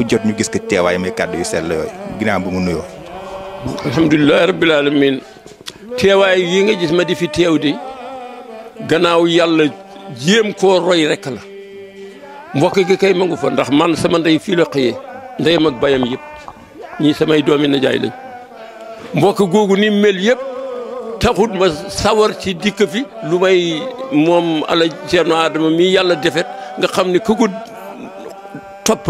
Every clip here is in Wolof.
bu jot ñu gis ko teewaay muy kàddu yu sell yooyu ginnaaw bu mu nuyoo. alhamdulilah rabbil alamin teewaay yi nga gis ma di fi teew di gannaaw yàlla jéem koo roy rek la mbokk gi kay mangu fa ndax man sama ndey fii la ndeyam ak bayam yëpp ñii samay doomi nijaay lañ mbokk googu ni mel yëpp taxut ma sawar ci dikk fi lu may moom ala Ceerno Adama mi yàlla defet nga xam ne ku ko topp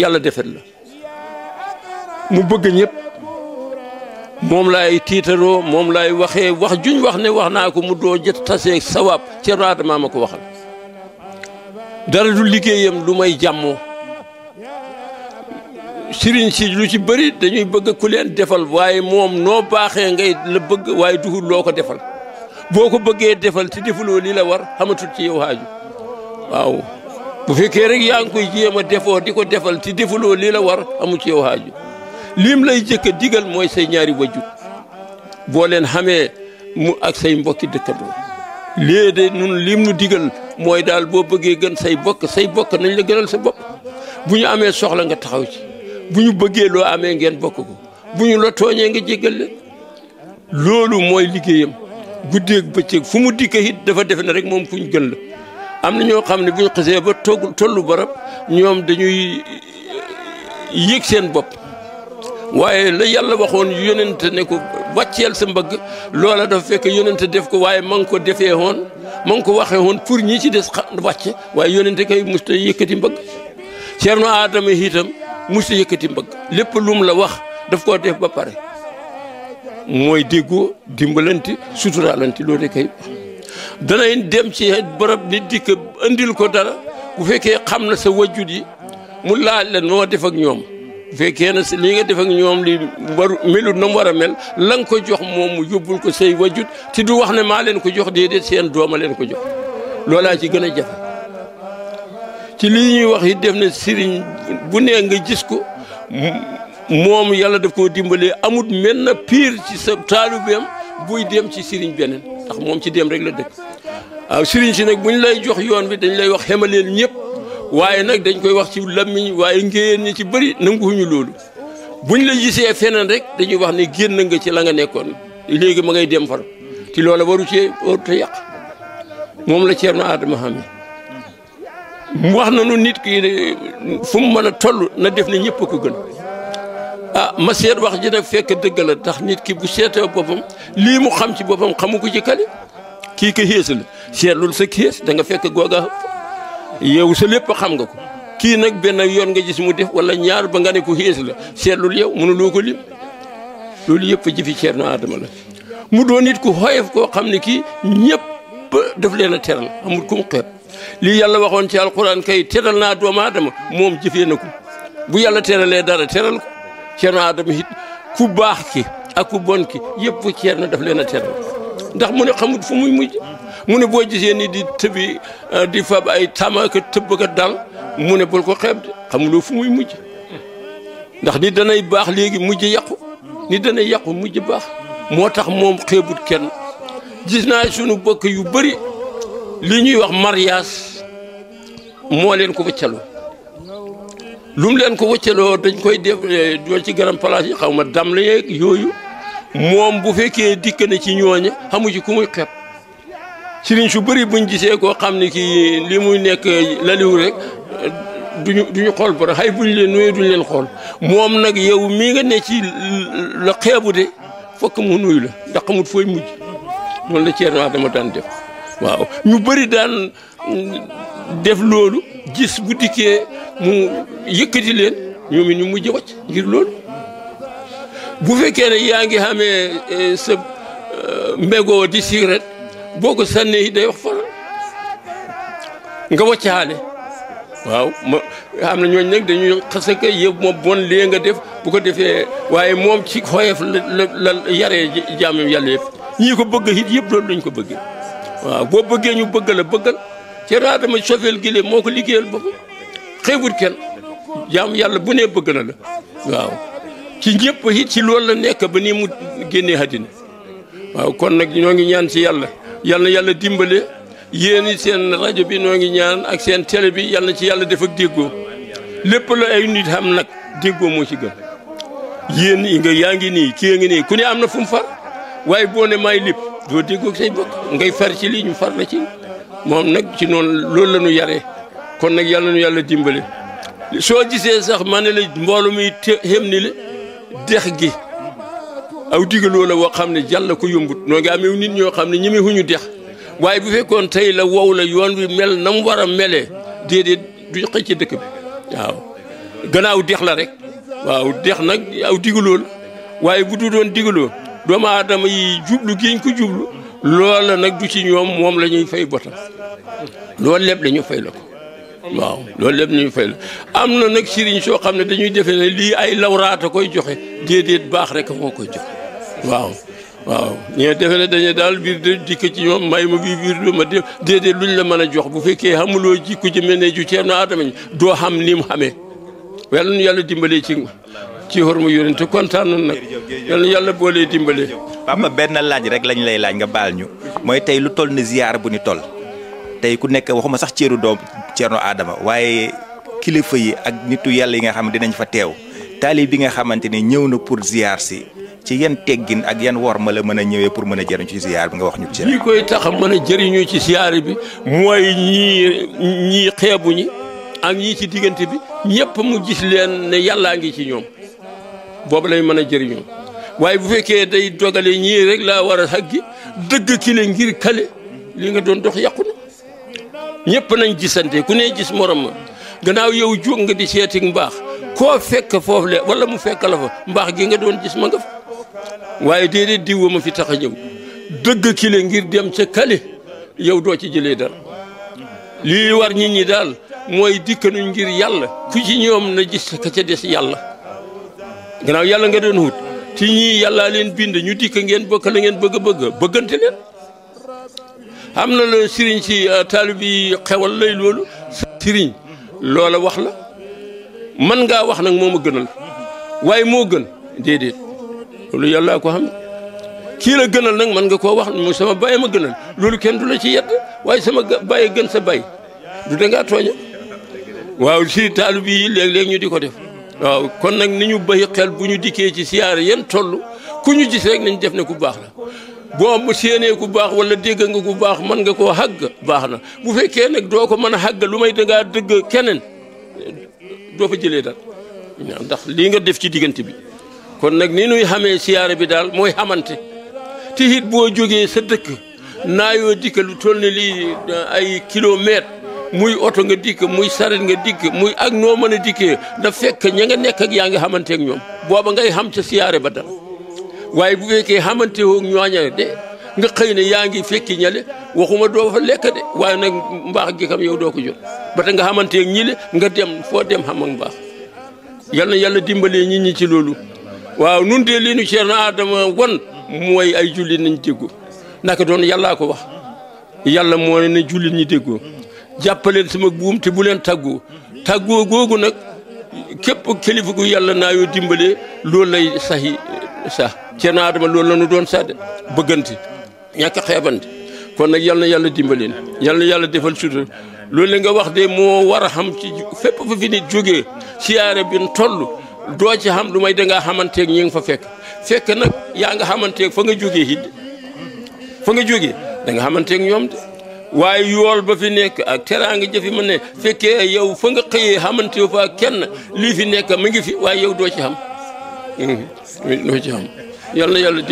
yàlla defet la mu bëgg ñépp moom laay tiitaroo moom laay waxee wax juñ wax ne wax naa ko mu doo jët tasee sawaab Ceerno Adama ma ko waxal dara du liggéeyam lu may jàmmoo sëriñ si lu ci bëri dañuy bëgg ku leen defal waaye moom noo baaxee ngay la bëgg waaye duhul loo ko defal boo ko bëggee defal te defuloo li la war xamatul ci yow haaju waaw bu fekkee rek yaa ngi koy jéem a defoo di ko defal ci defuloo lii la war amu ci yow haaju lim lay jëkk a digal mooy say ñaari wajur boo leen xamee mu ak say mbokki dëkkandoo lii de nun lim nu digal mooy daal boo bëggee gën say bokk say bokk nañ la gënal sa bopp bu ñu amee soxla nga taxaw ci bu ñu bëggee loo amee ngeen bokk ko bu ñu la nga jéggal leen loolu mooy liggéeyam guddeeg bëccëg fu mu dikk it dafa defe ne rek moom kuñ gën la am na ñoo xam ne bu ñu xasee ba togg tollu barab ñoom dañuy eh, yéeg seen bopp waaye la yàlla waxoon yonent ne ko wàcceel sa mbëgg loola dafa fekk yonent def ko waaye ma ngi ko defee woon ma ngi ko waxee woon pour ñi ci des wàcce waaye yonent kay musta yëkkati mbëgg Ceerno Aadama itam musta yëkkati mbëgg lépp lum la wax daf koo def ba pare mooy déggoo dimbalante suturaalante loolu kay danañ dem ci barab bi di ko andil ko dara bu fekkee xam na sa wajjut yi mu laaj la noo def ak ñoom bu fekkee na lii nga def ak ñoom li waru melut na war a mel la ko jox moom mu yóbbul ko say wajjut te du wax ne maa leen ko jox déedéet seen dooma leen ko jox loolaa ci gën a jafe ci li ñuy wax yi def ne sëriñ bu nee nga gis ko moom yàlla daf koo dimbalee amut mel na pire ci sa taalubeem buy dem ci sëriñ beneen ndax moom ci dem rek la dëkk waaw sëriñ si nag bu ñu lay jox yoon bi dañ lay wax xemaleel ñëpp waaye nag dañ koy wax ci lammiñ waaye ngéyeen ñi ci bari bëri nanguwuñu loolu ñu la gisee feneen rek dañuy wax ne génn nga ci la nga nekkoon léegi ma ngay dem far waru cee waru te moom la Ceerno Adama xam mu wax na nu nit ki fu mu mën a toll na def ne ñëpp a ko gën ah ma seet wax ji nag fekk dëgg la ndax nit ki bu seetee boppam lii mu xam ci boppam xamu ko ci kali kii ka xées la seetlul sa xées da nga fekk googa yow sa lépp xam nga ko kii nag benn yoon nga gis mu def wala ñaar ba nga ne ko xées la seetlul yow mënuloo ko lim loolu yëpp a jëfi Ceerno Adama la mu doon nit ku xoyof koo xam ne kii ñëpp daf leen a teral amul ku mu lii yàlla waxoon ci alxuraan kay teral naa doomu aadama moom jëfee na ko bu yàlla teralee dara teral ko Ceerno Adama it ku baax ki ak ku bon ki yëpp na daf leen a teral ndax mu ne xamut fu muy mujj mu ne boo gisee ni di tëbi di fab ay tamaka tëbbaka dal mu ne bul ko xeeb de xamuloo fu muy mujj ndax ni danay baax léegi mujj yàqu ni danay yàqu mujj baax moo tax moom xeebut kenn gis naa sunu bokk yu bari li ñuy wax mariage moo leen ko wëccaloo lu mu leen ko wëccaloo dañ koy def eh, doo ci garam place yi xaw ma dam la yooyu moom bu fekkee dikk na ci ñooña xamu ci ku muy xeeb sëriñ su bëri buñ gisee koo xam ne kii lii muy nekk laliw rek duñu duñu xool borom xay buñ leen nuye duñ leen xool moom nag yow mii nga nekk ci la xeebu de fokk mu nuyu la ndax xamut foy mujj noonu la ceer naa dama daan def waaw ñu bëri daan def loolu gis bu dikkee mu yëkkati leen ñoom it ñu mujj wacc ngir loolu bu fekkee na yaa ngi xamee eh, sa eh, mbégoo di sigaret boo ko sànnee yi day wax far nga waccaale waaw ma xam na ñooñ nag dañuy xase que yëpp moom bon lee nga def bu ko defee waaye moom ci xoyeef la yare yaree jaamam yàlla yëpp ñii ko bëgg it yëpp loolu lañ ko bëggee waaw boo bëggee ñu bëgg la bëggal ci raadama sofeel gile moo ko liggéeyal boppam xeebut kenn jaam yàlla bu nee bëgg na la waaw ci ñëpp it ci loolu la nekk ba ni mu génnee àddina waaw kon nag ñoo ngi ñaan si yàlla yàlla na yàlla dimbale yéen seen rajo bi noo ngi ñaan ak seen télé bi yal ci yàlla def ak déggoo lépp la ay nit xam nag déggoo moo ci gën yéen yi nga yaa ngi nii kii ngi nii ku ne am na fu mu far waaye boo ne maay lépp doo déggoo say bokk ngay far ci lii ñu far la ci moom nag ci noon loolu la ñu yare kon nag yàlla nu yàlla dimbale soo gisee sax ma la mboolu dex gi aw digaloo la woo xam ne jàll ko yombut noo ngi amee nit ñoo xam ne ñi huñu dex waaye bu fekkoon tey la wow la yoon wi mel na mu war a melee déedéet du xëcc ci dëkk bi waaw gannaaw dex la rek waaw dex nag aw digaloo waaye bu du doon digaloo doomu aadama yi jublu giñ ko jublu loola nag du ci ñoom moom lañuy ñuy botal loolu lépp la ñu la ko waaw loolu lépp ñu fay la am na nag sëriñ soo xam ne dañuy defe ne lii ay lawraata koy joxe déedéet baax rek moo koy joxe waaw waaw ñee defe ne dañu daal biir de dikk ci ñoom may ma bii biir lu ma def lu ñu la mën a jox bu fekkee xamuloo ji ci mel ne ju ceerno aadama doo xam ni mu xamee yàlla nu yàlla dimbalee ci ci xormu yonent kontaan nañ nag yàlla nu yàlla boolee dimbalee papa benn laaj rek lañ lay laaj nga baal ñu mooy tey lu toll ni ziyaar bu ni toll tey ku nekk waxuma sax ceeru doom ceerno aadama waaye kilifa yi ak nitu yàlla yi nga xam ne dinañ fa teew taalib bi nga xamante ni ñëw na pour ziar si ci yan teggin ak yan wor ma la mën a ñëwee pour mën a jëriñu ci ziar bi nga wax ñu ci lii koy tax mën a jëriñu ci ziar bi mooy ñii ñii xeebu ñi ak ñii ci diggante bi ñëpp mu gis leen ne yàllaa ngi ci ñoom boobu lañ mën a jëriñoo waaye bu fekkee day dogale ñii rek laa war a xaggi dëgg kile ngir kale li nga doon dox yàqu na ñëpp nañ gisante ku ne gis morom ma gannaaw yow jóg nga di seeti mbaax koo fekk foofu le wala mu fekk la fa mbaax gi nga doon gis ma nga fa waaye déedéet diw ma fi tax a ñëw dëgg kile ngir dem ca kale yow doo ci jële dara lii war ñii ñi daal mooy dikk dikkanuñ ngir yàlla ku ci ñoom na gis ka ca des yàlla gannaaw yàlla nga doon wut ci ñii yàllaa leen bind ñu dikk ngeen bokk la ngeen bëgg a bëgg bëggante leen am na la sëriñ si euh, taalib yi xewal lay loolu sëriñ loola wax la man ngaa wax nag moom ma gënal waaye moo gën déedéet loolu yàllaa ko xam kii la gënal nag man nga koo wax mu sama baay ma gënal loolu kenn du la ci yedd waaye sama baay gën sa baay du dangaa tooña waaw si taalib yi léeg-léeg ñu di ko def waaw kon nag ni ñu bay xel bu ñu dikkee ci siyaare yan toll ku ñu gis rek nañ def ne ku baax la boo am séenee ku baax wala dégg nga ku baax mën nga koo xàgg baax na bu fekkee nag doo ko mën a xàgg lu may dangaa dëgg keneen doo fa jëlee daal ndax lii nga def ci diggante bi kon nag nii nuy xamee siyaare bi daal mooy xamante te boo jógee sa dëkk naayoo dikk lu toll ne lii ay kilomètre muy oto nga dikk muy saret nga dikk muy ak noo mën a dikkee da fekk ña nga nekk ak yaa ngi xamante ak ñoom booba ngay xam ca siyaare ba dal waaye bu fekkee xamante woo ñooñale de nga xëy na yaa ngi fekki ñale waxuma doo fa lekk de waaye nag mbaax gi kam yow doo ko jot ba nga xamante ak ñi le nga dem foo dem xam ak mbaax yal na yàlla dimbalee nit ñi ci loolu waaw nun de li nu Ceerno Adama wan mooy ay jullit nañ déggoo naka doon yàllaa ko wax yàlla moo ne na jullit ñi déggoo jàppaleen sama buum ti bu leen tàggoo tàggoo googu nag képp kilifa gu yàlla naa yoo dimbale loolu lay saxi sax seen aadama loolu la ñu doon sax de bëggante ñàkk xeebante kon nag yal na yàlla dimbaleen yal na yàlla defal sutura loolu la nga wax de moo war a xam ci fépp fu fi nit jógee siyaare bi toll doo ci xam lu may dangaa xamanteeg ñi nga fa fekk fekk nag yaa nga xamanteeg fa nga jógee it fa nga jógee da nga xamanteeg ñoom de. waaye yool ba fi nekk ak teraanga jëfi mën ne fekkee yow fa nga xëyee xamante fa kenn lii fi nekk mu ngi fi waaye yow doo ci xam hmm. doo ci xam yal na yàlla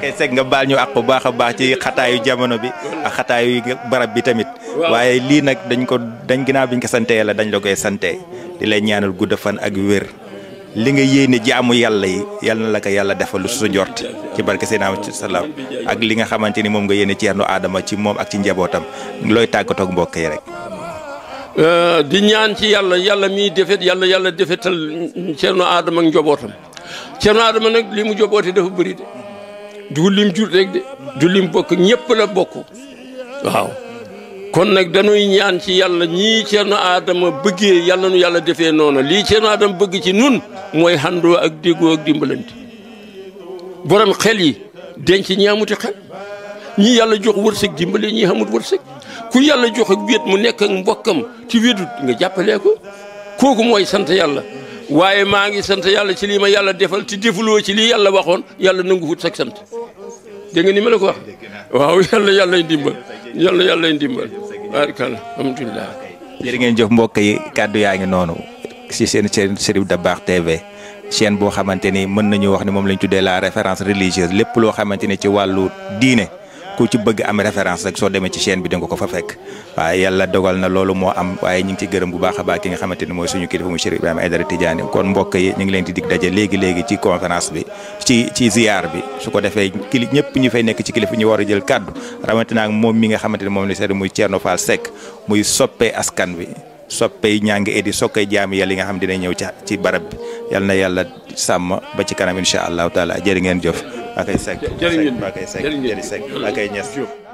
kay seg nga baal ñu àq bu baax baax ci xataayu jamono bi ak xataayu barab bi tamit waaye lii nag dañ ko dañ ginnaaw biñ ko sante yàlla dañ la koy sante di lay ñaanal gudd fan ak wér li nga yéene jaamu yàlla yi yal na lakk yàlla defal lu su ci barke Seydina salaam ak li nga xamante ni moom nga yéene Ceerno Adama ci moom ak ci njabootam looy tàggatoo ak mbokk yi rek. Euh, di ñaan ci yàlla yàlla miy defet yàlla yàlla defetal Ceerno Adama ak njabootam Ceerno Adama nag li mu joboote dafa bëri de du lim jur rek de du lim bokk ñëpp la bokk waaw. kon nag dañuy ñaan ci yàlla ñii Ceerno Adama bëggee yàlla nu yàlla defee noonu lii Ceerno Adama bëgg ci nun mooy xandoo ak déggoo ak dimbalante borom xel yi denc ñi amuti xel ñii yàlla jox wërsëg dimbale ñii xamut wërsëg ku yàlla jox ak wéet mu nekk ak mbokkam ci wéetut nga jàppalee ko kooku mooy sant yàlla waaye maa ngi sant yàlla ci lii ma yàlla defal te defuloo ci lii yàlla waxoon yàlla nangu wut sax sant dégg nga ni ko wax waaw yàlla yàlla yàlla yàlla lay ndimbal barkal alhamdulilah jërë ngeen jëf mbokk yi kàddu yaa ngi noonu si seen seen Cherif baax TV chaîne boo xamante ni mën nañu wax ne moom lañ tuddee la référence religieuse lépp loo xamante ni ci wàllu diine ku ci bëgg am référence rek soo demee ci chaîne bi danga ko fa fekk waaye yàlla dogal na loolu moo am waaye ñu ngi ci gërëm bu baax a baax ki nga xamante ni mooy suñu kilifa mu Cheikh Ibrahima Aïdara Tidiane kon mbokk ngi leen dig daje léegi léegi ci conférence bi ci ci ziar bi su ko defee kili ñëpp ñu fay nekk ci kilifa ñu war a jël kàddu rawatina ak moom mi xamante ni moom la seet muy Thierno Fall Seck muy soppee askan bi soppee soppey ñàng soo sokkay jaam yàlla yi nga xam dina ñëw ci ci barab bi yal na yàlla sàmm ba ci kanam incha allahu taala jërë ngeen jëf Bakay Seck. jëriñ Bakay Seck jëriñ Seck Bakay Niass